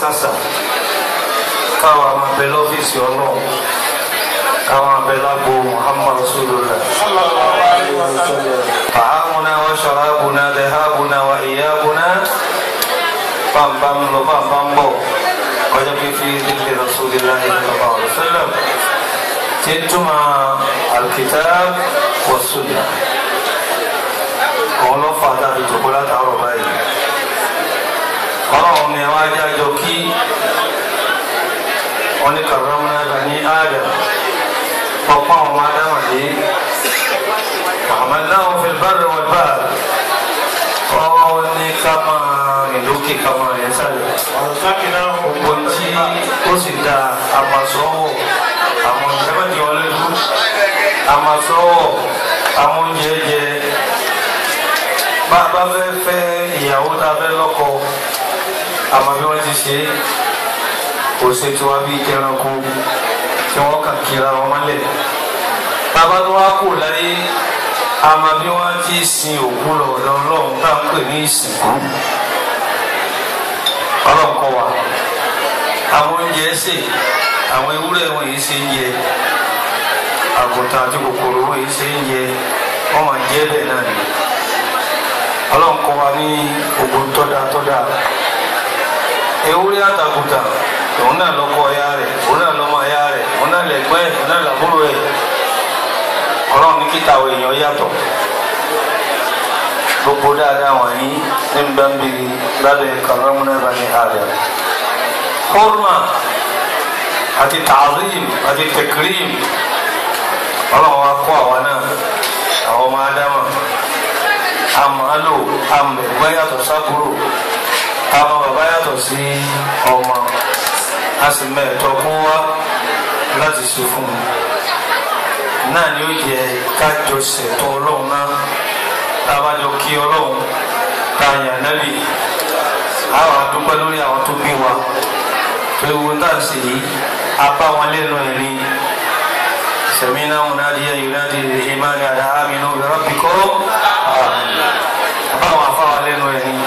sàṣà káwọn àwọn abẹ lọ́fíìsì ọlọ́run káwọn abẹ lágbo muhammadu rasulullah. طعامنا وشرابنا ذهابنا وإيابنا بام بام لو بام بام بو وجب في ذكر رسول الله صلى الله عليه وسلم تتمع الكتاب والسنة ولو فاتت الجبلات عربية ọlọ́run ni àwọn ajájọ kí oníkàrámúná bani adam ọ̀pọ̀ àwọn adámàdé àmàláwọn fil barri wal bahr ọwọ́ ní ká máa rìn lókè ká máa rìn sálẹ̀ gbogbo tí ó sì da àmàsọ́wọ́ àwọn ìjẹ́bẹ̀jẹ̀ ọlẹ́dú àmàsọ́wọ́ àwọn oúnjẹ jẹ bá a bá fẹ́ fẹ́ ìyàwó tá a fẹ́ lọ́kọ. àmọ́ bí ti se kò ṣe tiwa bíi tí wọ́n kàn kíra wọn mọ́lẹ̀ bàbá tó wá láyé ti sin òkú lọ ọ̀dọ̀ tá à pè ní ìsìnkú ọlọ́run wa àwọn oúnjẹ ṣe àwọn ewúrẹ́ wọn yìí ṣe ń yẹ àgùntàn àti kòkòrò wọn yìí ṣe ń yẹ máa ni wa ewúrẹ́ àtàkùtà òun náà lọ́kọ ya rẹ̀ òun náà lọ́mọ ya rẹ̀ òun náà lẹ́gbẹ́ ẹ̀ òun náà làbúrò ẹ̀ ọlọ́run ní kíta àwọn èèyàn yàtọ̀ gbogbo dáadáa wọ̀nyí ní gbàmbiri lábẹ́ kàrámúná bani adam hurma àti ta'zim àti takrim ọlọ́run wa kó àwọn náà àwọn ọmọ ádámà àmọ́ àlò àmọ́ ẹ̀gbọ́n yàtọ̀ sábúrò àwọn bàbá yàtọ̀ sí ọmọ a sì mọ ẹ̀tọ́ fún wa láti ṣe fún un náà ni ó yẹ kájọ ṣètò ọlọ́run náà tá a bá jọ kí ọlọ́run tá a yàn lẹ́bi àwọn àdúpẹ́ lórí àwọn tó bí wa pé owó tá a sì yí apá wọn lẹ́nu ẹ̀rín sẹ̀mínà wọn náà di ẹ̀yìn náà di ìmáàlì àdáhàmì náà rọ́bìkọ́ àbáwọn afáwọn lẹ́nu ẹ̀rín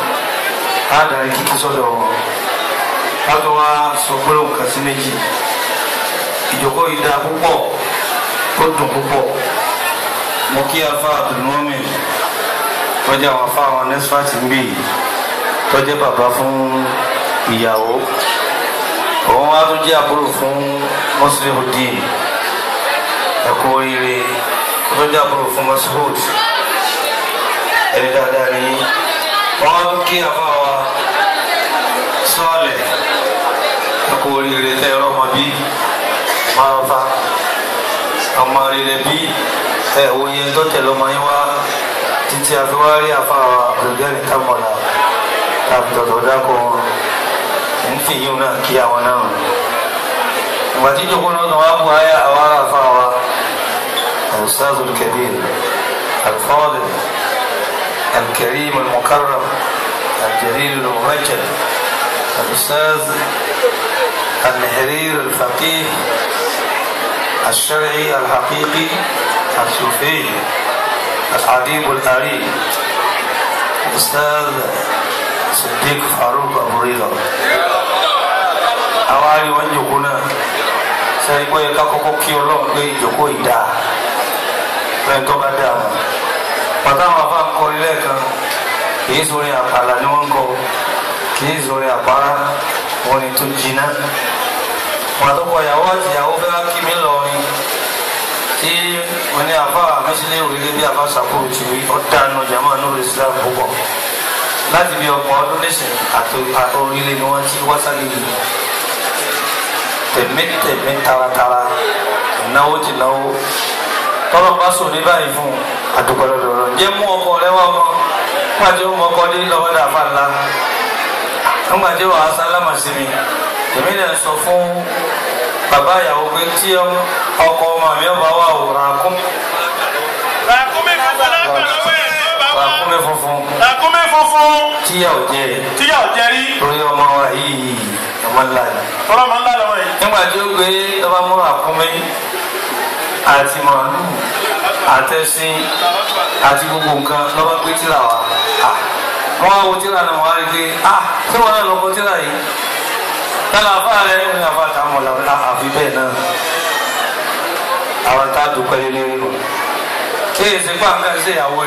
á darí kíkí sọ́dọ̀ ká tó wá sọ gbólóhùn kan ida méjì ìjókòó yìí dáa púpọ̀ ó dùn púpọ̀ mo kí afa àtùnúmọ́mì tọ́jú àwọn afa àwọn nẹ́sífàtì ń bì yìí tọ́jú bàbá fún ìyàwó òun wá tún jẹ́ àbúrò fún mọ́sílẹ̀hùdín ẹ̀kọ́ oríire tọ́jú àbúrò fún mọ́sílẹ̀hùdín ẹni dáadáa ní wọ́n kí àbá wa sọ́ọ̀lẹ̀ ẹ̀kọ́ oríire tẹ́ ẹ̀rọ ọmọ bí máa ń fa ọmọ rere bí ẹ̀ òye tó tẹ̀lé ọmọ yín wá títí àfi wá rí àfa wa olùdarí tábọ̀là tàbí tọ̀tọ̀ dákọ̀ ń fi yín náà kí àwọn náà ìgbà tí الكريم المكرم الجليل الممجد الأستاذ النهرير الفقيه الشرعي الحقيقي الصوفي الحبيب الأري الأستاذ صديق فاروق أبو رضا أوالي وانجو كنا سيقول لك أكوكو كيولوك ليجو كوي bàtà àwọn afa kọrin lẹ́ẹ̀kan kì í sọrin àpàlà ni wọ́n ń kọ kì í sọrin àpárá wọn ni tó jiná pàtọ́kọ ìyàwó àti ìyàwó fẹ́ kí mi lọrin tí wọn ní afa mẹsílẹ̀ òrìlẹ̀ bí afa sàkóò tì wí ọ̀dà àná jàmá ní orí Islam púpọ̀ láti bí ọgbọ̀n ọdún nísìnyí àti orílẹ̀ ni wọ́n ti wáṣálẹ̀ yìí tẹ̀mí tẹ̀mí taratara ìnáwó ti náwó kọ́lọ́ bá sùn ní báyìí fún un. àdúgbò lọ́dọ̀ ọ̀rọ̀ yẹ mú ọkọ rẹ wá mọ́ pàdé ó mọ ọkọ dé lọ́wọ́ dàfà ńlá nígbà tí wàá sálámà sí mi èmi náà sọ fún bàbá ìyàwó pé tí ọkọ ọmọ mi ọba wà ó ràkúnmí. ràkúnmí funfun lágbàá lọ́wọ́ ẹ̀ ràkúnmí funfun. ràkúnmí funfun. tíyà ò jẹ. tíyà ò jẹ rí. orí ọmọ wa yìí ọmọ ńlá yìí. ọlọmọ ńlá lọ́wọ́ yìí. nígbà tí ó gbé ọba múra kúnmí àti màálù àtẹ̀sìn àti gbogbo nǹkan lọ́wọ́ gbé tíra wa wọ́n á wo tíra náà wọ́n á rí pé ah tí wọ́n náà lọ́kọ́ tíra yìí tálà àfa rẹ̀ ń rìn àfa tààmù ọ̀la àfi bẹ́ẹ̀ náà àwọn tá a dúpẹ́ lé nínú kí èsì pàǹkà ṣe ìyàwó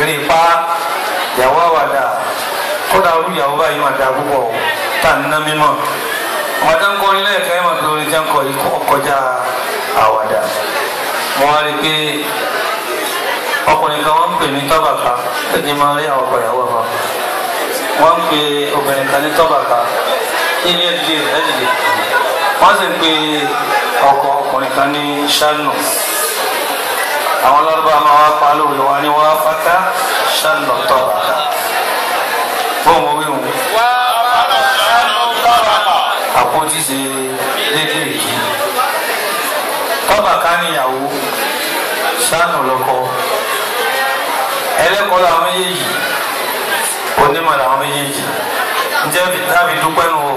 eré pa ìyàwó àwàdà kódà olú ìyàwó báyìí máa da púpọ̀ tá a ná mímọ́ ọ̀dà ń kọ́ ilé ẹ̀ka ẹ̀ àwàdà mo wá rí i pé ọkùnrin kan wọ́n ń pè ní tọ́bàkà ẹni máa rí àwọn ọkọ ìyàwó wọn wọ́n ń pe obìnrin kan ní tọ́bàkà ilé ẹ̀dìdì ẹ̀dìdì wọ́n sì ń pe ọkọ ọkùnrin kan ní ṣánù àwọn lọ́dọ́bà máa wá pa lóore wa ní wọ́n á fata ṣánù tọ́bàkà fóun wí wọn. wá a àpótí ṣe déédéé yìí. lọ́kàká níyàwó sánù lọ́kọ ẹlẹ́kọ̀ọ́ làwọn méjèèjì onímọ̀ làwọn méjèèjì eji tábì dúpẹ́ nù o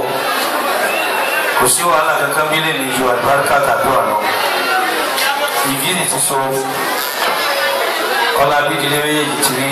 kò sí wàhálà kankan bí lè lè ju àlùbáríkà tàbí ìdí ni ti so ọlá bí ìdílé méjèèjì ti rí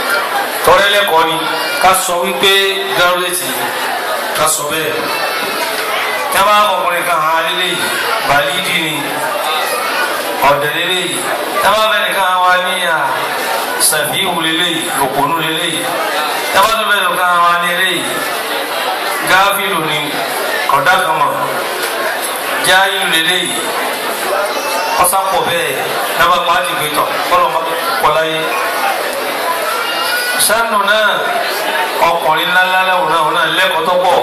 tọrẹlẹkọ ni ká sọ wípé gárólẹtì ká sọ bẹ́ẹ̀ tábà ọkùnrin kan hàn lélẹ yìí bàlídì ni ọdẹ lélẹ yìí tábà bẹ́ẹ̀ kan wà ní à sàbíhù lélẹ yìí òkùnú lélẹ yìí tábà tó bẹ́ẹ̀ kan wà ní lélẹ yìí gáfílù ni kọdá kan mọ jáyù lélẹ yìí ọsàpọ̀ bẹ́ẹ̀ tábà pàdé kọlọ́mọ kọláyé sanu náà ọkùnrin ńláńlá òun náà òun náà lẹ́kọ̀ọ́ tó pọ̀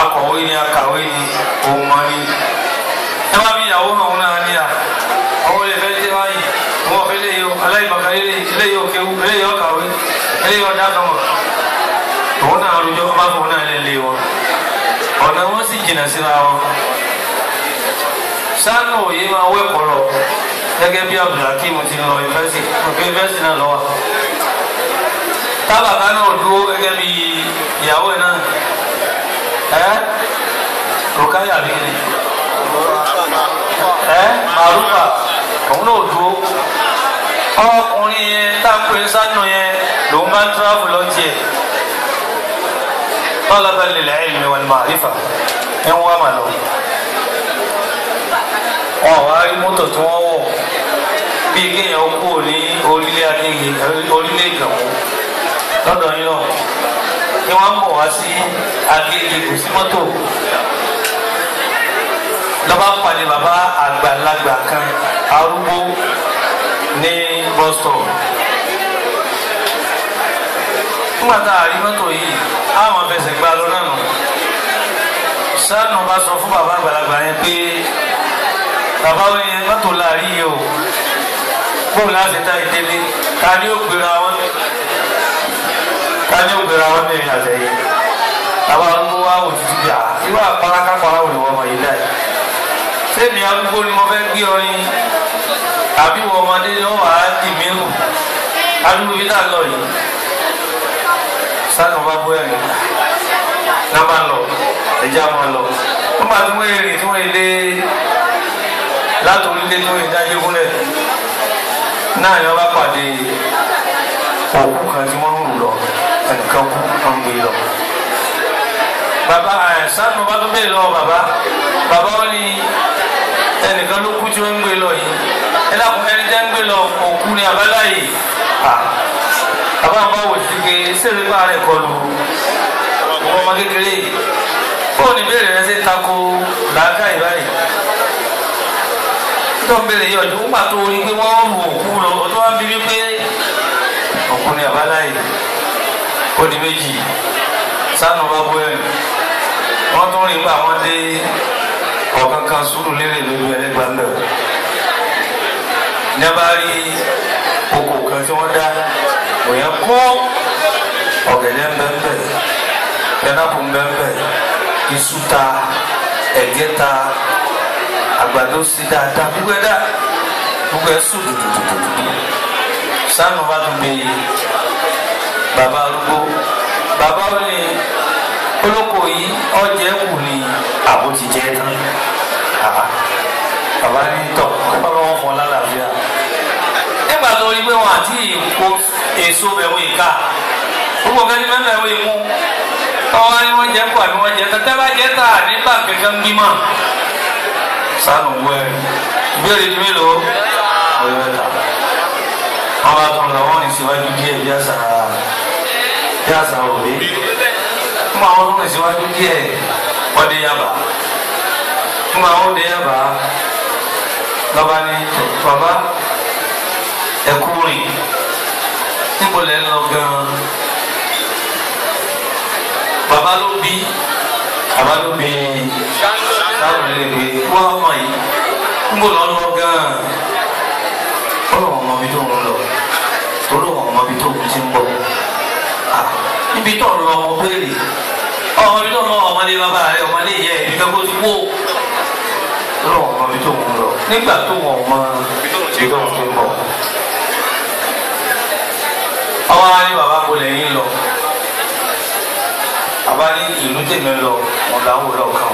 akọ̀wé ni akàwé ni òun mọ ni ẹ bá mi ìyàwó náà òun náà ní à àwọn olè fẹ́ dé báyìí àwọn ọ̀fẹ́ lè yọ aláìbàkà lè yọ kéwú lè yọ kàwé lè yọ dákàmọ̀ òun náà rojọ́ bá fún un náà lè lé wọn ọ̀nà wọn sì jìnnà síra wọn sanu òye máa wẹ́kọ̀ọ́ lọ gẹ́gẹ́ bí abdulhakeem ti lọ yunifásitì náà lọ́wọ́ sábà kan náà dúró gẹ́gẹ́ bí ìyàwó ẹ̀ náà ẹ́ rukaya bí ni ẹ́ maruka òun náà dúró ọkùnrin yẹn táǹpé sánú yẹn lòun bá ń tíráfù lọ tiẹ̀ tọ́lọ́bẹ̀ lè ilmi wal ma'rifa ẹ̀ ń wá màá lọ wọn wá rí mọ́tò tí wọ́n wọ̀ bí kéèyàn kú ní orílẹ̀ akéèké orílẹ̀ ìgbàwọ́ lọ́dọ̀ yín náà kí wọ́n mọ̀ wá sí agbègbè kò sí mọ́tò lọ́ba pàdé bàbá àgbàlagbà kan arúgbó ní boston nígbà tá a rí mọ́tò yìí àwọn fẹsẹ̀ gba lọ náà nù sanu bá sọ fún bàbá àgbàlagbà yẹn pé bàbá wo yẹn mọ́tò la yìí o bóun láti ta ìdílé ta ni ó gbéra wọn ká ní òpèrè àwọn ní ìrìn àtẹ̀yẹ àwa ń mú wá òtútù bíà irú àparáká para òní wọ́n mọ̀ yìí láì sẹ́mi arúgbó ni mo fẹ́ gbé ọ ní àbí wọ́n ọmọdé ni wọ́n wàá dì mí rù adúlù yìí náà lọ yìí sáà bá bóyá ni náà máa lọ ẹ̀jẹ̀ á máa lọ wọ́n máa tún wọ́n èrè tí wọ́n lé látòrí lé tó ìdájẹ́ náà ni wọ́n pàdé òkú kan tí wọ́n kan kú wọn gbé lọ. bàbá sanu bá tó bẹ̀rẹ̀ lọ bàbá bàbá wọn ni ẹnìkan ló kú tí wọn ń gbé lọ yìí ẹ dákun ẹni jẹ́ ń gbé lọ òkú ni àbálá yìí bàbá àbá wò sí pé sẹ́ẹ̀rì bá rẹ̀ kọlu ọmọ kékeré fóònù ìbéèrè rẹ ṣe tako làákà ìbáyìí tó ń béèrè yọjú ń pàtó orí pé wọ́n ń wò òkú lọ ọtọ́ wá ń bí wípé ọkùnrin àbáláyé ó di méjì sanu bá bọ́ ẹ̀ wọ́n tún rí gbà wọ́n dé ọ̀kan kan sùúrù lérè lórí ẹlẹ́gbàá ń bẹ̀ wọ́n ní a bá rí oko kan tí wọ́n dá òyìn kó ọ̀gẹ̀dẹ̀ ń bẹ́ẹ̀ pẹ̀nápù ń bẹ́ẹ̀ iṣu ta ẹ̀gẹ́ ta àgbàdo sí dáadáa gbogbo ẹ̀ dá gbogbo ẹ̀ sùn dùdùdùdù sanu bá tún bẹ́ẹ̀ bàbá arúgbó bàbá ó ní olóko yìí ọjẹ wù ní àbótí jẹ tán bàbá ní tọ bàbá wọn fọ lálàáfíà nígbà tó rí pé wọn àti ìkó èso bẹ̀wò ìka gbogbo kẹ́ni mẹ́fẹ̀ẹ́ wọ ìmú ọwọ́ ni wọ́n jẹ́ pọ̀ àbí wọ́n jẹ́ tẹ́tẹ́ bá jẹ́ tà nígbà kankan gbímọ̀ sanu wẹ́ẹ̀ ìbéèrè mélòó ọ̀yọ́ ẹ̀ta wọn bá tún lọ wọn ní síwájú díẹ̀ bí àṣà bí àṣà òwe fún àwọn tó ní síwájú díẹ̀ wọn dé yaba fún àwọn dé yaba lọba ní bàbá ẹkú rìn níbo lẹ ń lọ gan bàbá ló bí bàbá ló bí sáwọn lè gbé wọn ọmọ yìí níbo lọ lọ gan ọlọ́wọ́n ọmọ mi tó ń lọ olóhùn ọmọ mi tó kù ti ń bọ̀ níbi tó ń lọ ọmọ péèrè ọmọ mi tó ń lọ ọmọdé bàbá rẹ ọmọdé yẹ ẹni fẹ́ kó ti wó olóhùn ọmọ mi tó ń lọ nígbà tó wọn ọmọ ibi tó ń ti ń bọ̀ ọmọ wa ní bàbá kò lẹ́yìn lọ bàbá ní ìlú tèmi lọ wọn làwọn ò lọ kàn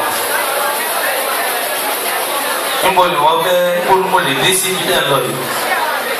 wọn níbo ni wọn fẹ́ kó ló sí ilé lọ yìí.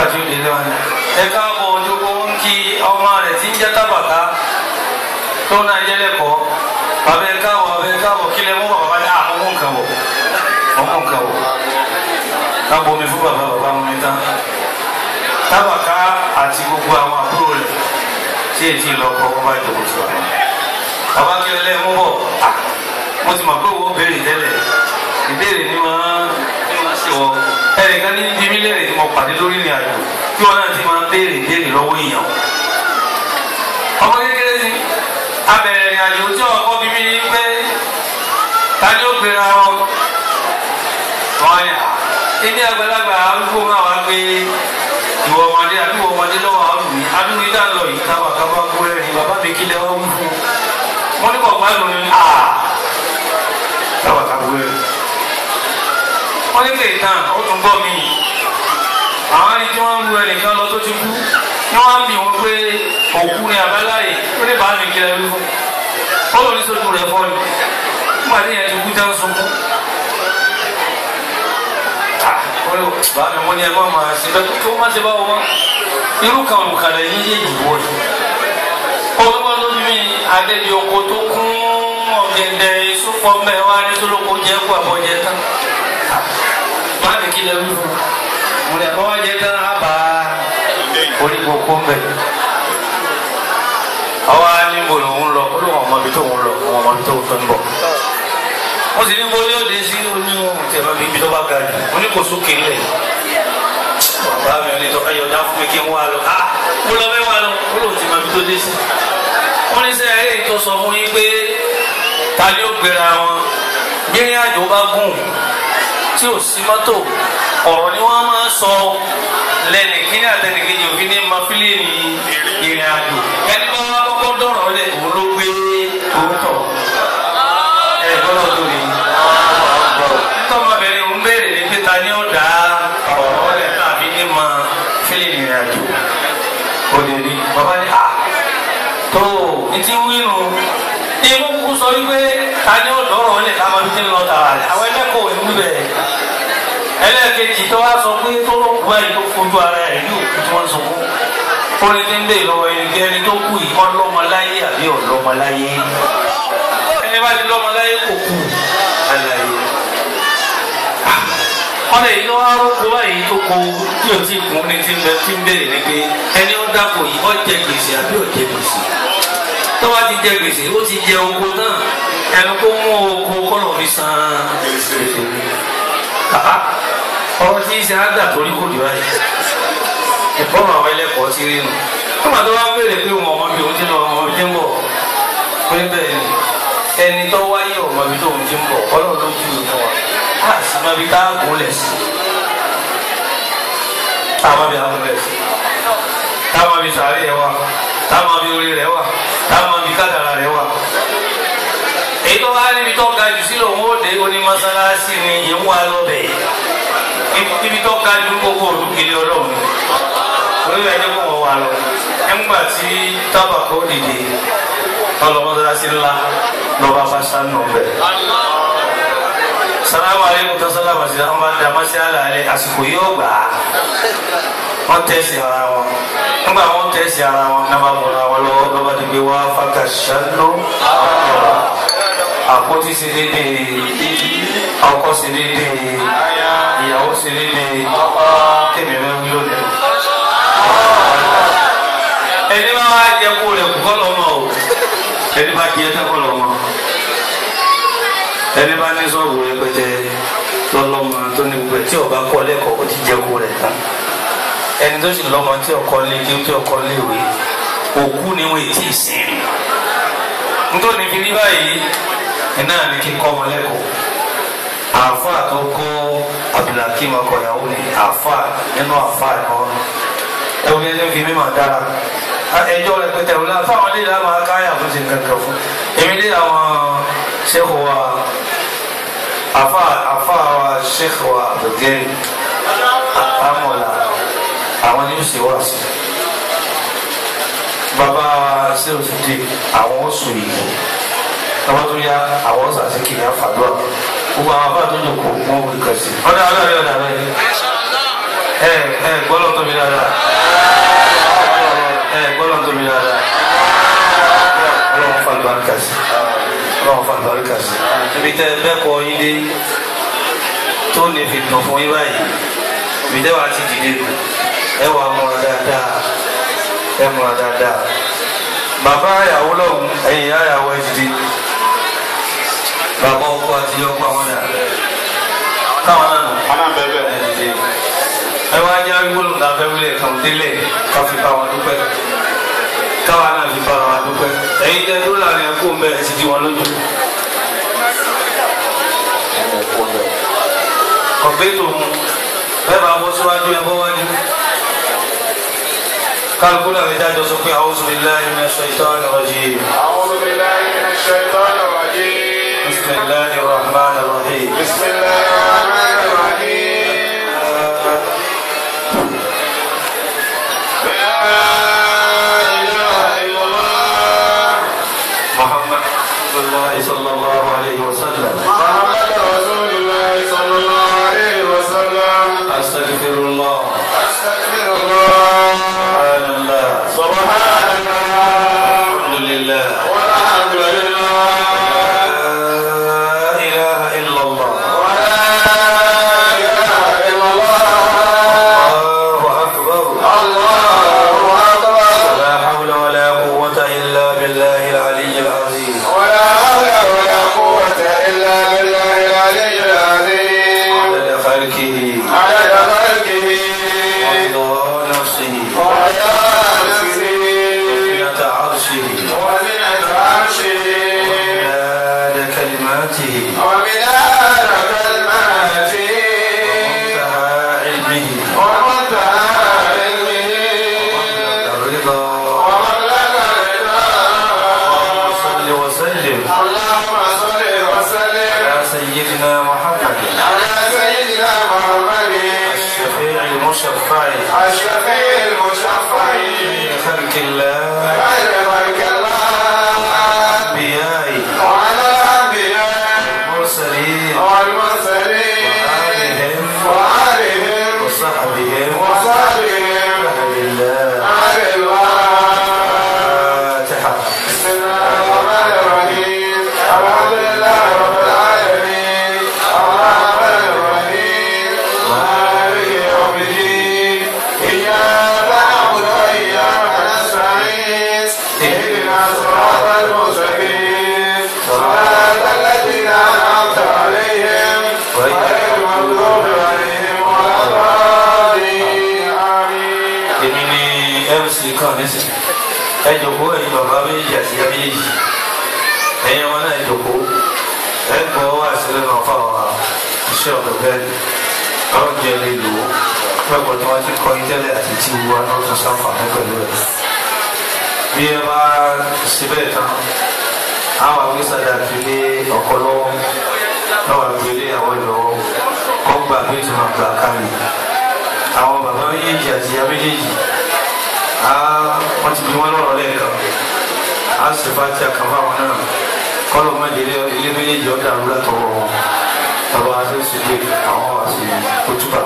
nígbà ni ẹ káàbọ̀ ojú kó ń kí ọmọ rẹ̀ tí ń jẹ́ tábàká tó náà jẹ́ lẹ́kọ̀ọ́ bàbá ẹ káàbọ̀ bàbá ẹ káàbọ̀ kí lẹ mú bàbá ní àmọ́mú nǹkan wọ̀ ọmọ nǹkan wọ̀ káàbọ̀ omi fún bàbá bàbá mu ní tán tábàká àti gbogbo àwọn àbúrò rẹ̀ tí èyí ti lọ kọ́ wọ́n bá ìdòwò tó wà bàbá kí lẹ mú bọ̀ mo ni pàdé lórí ìrìn àjò tí wọn náà ti máa ń béèrè béèrè lọ́wọ́ èèyàn. ọmọ kékeré sí abẹ̀rẹ̀ ìrìn àjò tí ọkọ bíbí ni pé ta ni ó gbéra wọn. wọn yà ẹni àgbàlagbà arúgbó máa wá pé ìwọ ọmọdé àdúgbò ọmọdé lọ́wọ́ àwọn òbí àdúgbò ìdá lọ yìí táwọn àkàbà kú ẹ̀rín bàbá mi kí lẹ́wọ́ mú fún wọn ní kọ̀ọ̀pá lónìí táwọn àkàbà kú ẹ̀rín wọ́n ní lè tán ó tún gbọ́ mi àwọn ẹni tí wọ́n ń ru ẹnìkan lọ tó ti kú ni wọ́n ń bì wọ́n pé òkú ni àbáláyé ó lè bá mi kí ẹrú fún ó lọ ní sójú rẹ̀ fọ́ọ̀lù nígbà tí ìyẹn ti kú tẹ́ ń sunkún. bá mi wọ́n ní ẹgbẹ́ máa ṣe bẹ́ẹ̀ tó má ṣe bá wọn irú kan òkàlẹ̀ yín yé ìdìbò ni. olúwa ló mi adébi oko tó kún ọ̀gẹ̀dẹ̀ ìsúpọ̀ mẹ́wàá ní tó jẹ́ kó àbọ̀jẹ̀ tán. má mi kí lẹ́rú fún àmúlẹ̀ kọ́ wá jẹ́ tán á bá orí gbogbo ń bẹ̀. ọwọ́ á ní bò lòun lọ ó lóun ọmọ ibi tó ń lọ òun ọmọ ibi tó ń bọ̀. wọ́n sì ní bó yóò dé sí oní ohun tí ẹ̀ máa fi ibi tó bá ga jù ó ní kò sókè ńlẹ̀. bàbá mi ní tọ́ ayọ̀ dá fún mi kí n wá lọ. Ah, mo lọ fẹ́ wá lọ ó ti máa fi tó dé sí. wọ́n ní sẹ́yìn ayé ìtọ́sọ fún yín pé ta ni ó gbéra wọn bí ìrìn àjò bá gùn tí ò sí mọ́tò ọ̀rọ̀ ni wọ́n máa sọ lẹ́nu kíní àtẹnìkejì òfin ní mafílì ní ìrìn àjò ẹni bá wà kọ́kọ́ dọ̀rọ̀ lẹ̀ òun ló gbé òun tọ̀ ẹ̀ gbọ́dọ̀ tó lè tọ́ ọmọbìnrin òun béèrè ní pété ní ọ̀dà ọ̀rọ̀ lẹ̀ tàbí ní mafílì ní ìrìn àjò òde ni bàbá ní à tó etí wíru ìmú kúkú sọ wípé ta ní ọ̀dọ̀ ọ̀rọ̀ lẹ̀ tá a máa fi ti lọ tààrà àwọn ẹgbẹ́ kò ní bẹ́ẹ̀ kejì tó wá sọ pé tó ló kú báyìí tó fojú ara ẹ̀ ní òkú tí wọ́n sọ fún ni tí ń bè lọ́wọ́ ẹni ẹni tó kú yìí ọlọ́mọláyé àbí ọlọ́mọláyé ẹni bá ti lọ́mọláyé kò kú àlàyé ọ̀nà èyí ló wá rúkú báyìí tó kú tí ò tí kú ni ti ń bẹ tí ń bèrè ní pé ẹni ó dàpọ̀ yìí ó jẹ gbèsè àbí ó jẹ gbèsè tó wá ti jẹ gbèsè ó ti jẹ oko náà ẹnu kó mú oko kọ́nà fi san gbèsè ọmọ tí ń ṣe ágbà torí kò dìbà yìí ẹ̀kọ́ mà wọ́n ẹlẹ́kọ̀ọ́ ti rí nu ọmọ tó wá béèrè pé wọn ọmọ bíi òun ti lọ ọmọ bíi ń bọ̀ pé bẹ́ẹ̀ ni ẹni tó wáyé ọmọ bíi tóun ti ń bọ̀ ọlọ́run ló ju ìfọ̀ wa láti má bíi káàkùn lẹ̀ sí táwọn bíi àwọn lẹ̀ sí táwọn bíi sàárè wa táwọn bíi orí rẹ̀ wa táwọn bíi kádàrà rẹ̀ wa èyí tó wá níbi tó ga jù sílò òun ó dé onímọ̀sálásí ni ìwọ́n alọ́bẹ̀ẹ́ ibi tó ga ju gbogbo olùkiri ọlọ́run lórí ẹjẹ́ kó wọ́n wà lọ nígbà tí tábàkó dìde ọlọ́mọdúnrásí ńlá lọ́ba bá sánú ọ̀bẹ. salamu aleykum tó sálámà sí àwọn máa ń dàmá sí àlàyé àsìkò yóò gbà á wọ́n tẹ̀sí ara wọn nígbà wọ́n tẹ̀sí ara wọn náà bá bọ̀rọ̀ àwọn lọ́wọ́ lọ́ba dìgbé wá fàkàṣà ló àpótí sí dédé ọkọ̀ sí dédé sì nílé tèmi rẹ ń yóò lẹ́nu. ẹni máa wá jẹ kó rẹ kọ́ lọ́mọ o ẹni bá jẹ tẹ́kọ̀ lọ́mọ ẹni bá ní sọ́ọ̀bù rẹ pẹ́tẹ́ lọ́lọ́mọ tó ní gbogbo ẹ̀ tí ọba kọ́ lẹ́kọ̀ọ́ kò ti jẹ kó rẹ tán ẹni tó sì lọ́mọ tí ọkọ lé kí tí ọkọ lé ìwé òkú ni ti sìn nítorí fi rí báyìí ẹ̀ náà ní kí n kọ́ ọmọ àfa tó kó abdulhakeem akọyàwó ni àfa nínú àfa ẹ̀kọ́ ẹ̀wọ̀n yẹn fi mímọ̀ dára ẹjọ́ rẹ̀ pété ọ̀la fáwọn ilé ìlànà akáyà fún ti kankan fún èmi ní àwọn ṣẹ́kù wa àfa àfa wa ṣẹ́kù wa àbẹ̀gẹ́rì àmọ̀là àwọn ní ṣe wá sí bàbá ṣẹ́wọ̀n ti di àwọn oṣù yìí tọ́wọ́ tó yá àwọn ọ̀sà sí kìnìún àfàdúrà gbogbo àwọn afáàtò yòókù wọn wò kà sí. ọ̀dà ọ̀dà rẹ̀ ọ̀dà rẹ̀ ẹ ẹ gbọ́dọ̀ tó mi dáadáa ẹ gbọ́dọ̀ tó mi dáadáa ọlọ́run fa àlùbáríkà sí ọlọ́run fa àlùbáríkà sí. ibi tẹ mẹ́kọ̀ọ́ yín dé tó lè fi dùn fún yín báyìí ibi tẹ wàá ti dìde nù ẹ wàá múra dáadáa ẹ múra dáadáa bàbá àyàwó lọ́hùn ẹ̀yìn àyàwó ẹ̀ dìde bàbá ọ ilé ọkọ àwọn dà táwọn náà nù. wọn náà bẹ bẹ. ẹ wá jẹ́ gbólóhùn náà fẹ́ wílẹ̀ kàn délẹ̀ ká fi bá wọn dúpẹ́ káwa náà fi bá wọn dúpẹ́ ẹ̀yin tẹ́ dúró láàrin ẹ̀kọ́ mẹ́rin ti di wọn lójú. ọ̀bẹ tó mu bẹ́ẹ̀ bá bọ́ síwájú ẹ bọ́ wájú. قال كل أبي داد وسقي أعوذ بالله من الشيطان الرجيم أعوذ بالله من الشيطان الرجيم بسم الله الرحمن الرحيم بسم الله الرحمن الرحيم iṣẹ́ ọ̀dọ̀ bẹ́ẹ̀ ọ̀rọ̀ jẹ́ lè lò ó pẹ̀lú tí wọ́n ti kọ́ yín tẹ́lẹ̀ àti tí wọ́n á lọ́sọ̀ sáǹfààní pẹ̀lú ẹ̀. bí ẹ bá ṣe bẹ́ẹ̀ tán àwọn agbésàdà fi lé ọkọ lọ́wọ́ lọ́wọ́ àgbélé àwọn ìlọ́wọ́ kọ́ gbà pé tí wọ́n gbà kárì àwọn bàbá méjèèjì àti ìyá méjèèjì wọ́n ti bí wọ́n lọ́rọ̀ lẹ́ẹ̀kan á sì bá ti àkànfà wọn náà kọ́ lọ́ mọ́ ilé méjèèjì ọ̀dà àrùlá tọ̀wọ̀ wọn. ọba adéṣèlú àwọn àti kótópà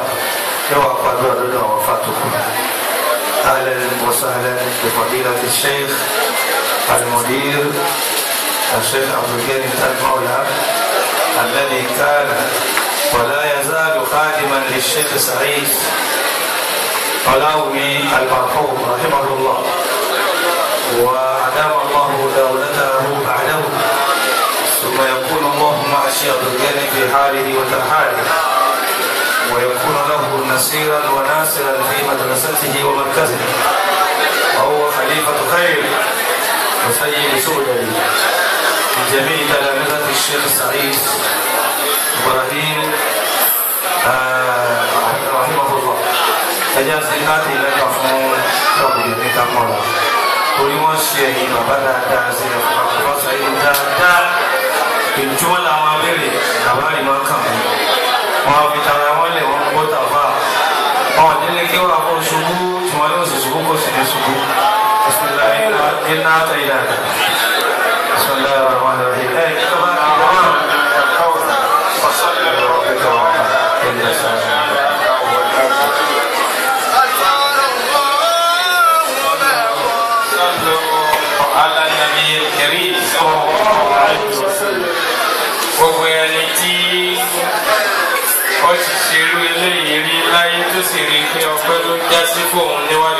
yóò wá pàdé àdúrà àwọn fàtòkù اهلا وسهلا بفضيله الشيخ المدير الشيخ عبد الكريم المولى الذي كان ولا يزال خادما للشيخ سعيد العلوي المرحوم رحمه الله وادام الله دوله بحاله وتنحاله ويكون له نسيرا وناسرا في مدرسته ومركزه وهو خليفة خير وسيد سؤدي لجميع تلامذة الشيخ السعيد إبراهيم آه، رحمه الله تجازي láti لك fún ọkùnrin ní kámọ́ra torí wọ́n ṣe ẹ̀yìn bàbá فقط sí ẹ̀fọ́ àkọ́kọ́ sáyé dáadáa àbáyé máa kà mí wọn fi tara wọn lẹ wọn gbọ́ tàfà wọn délé kí wọn kó ṣubú tí wọn yóò sì ṣubú kó sì ní ṣubú bisimilayi ní náà tẹ̀yà. i pé ọpẹ́ ló já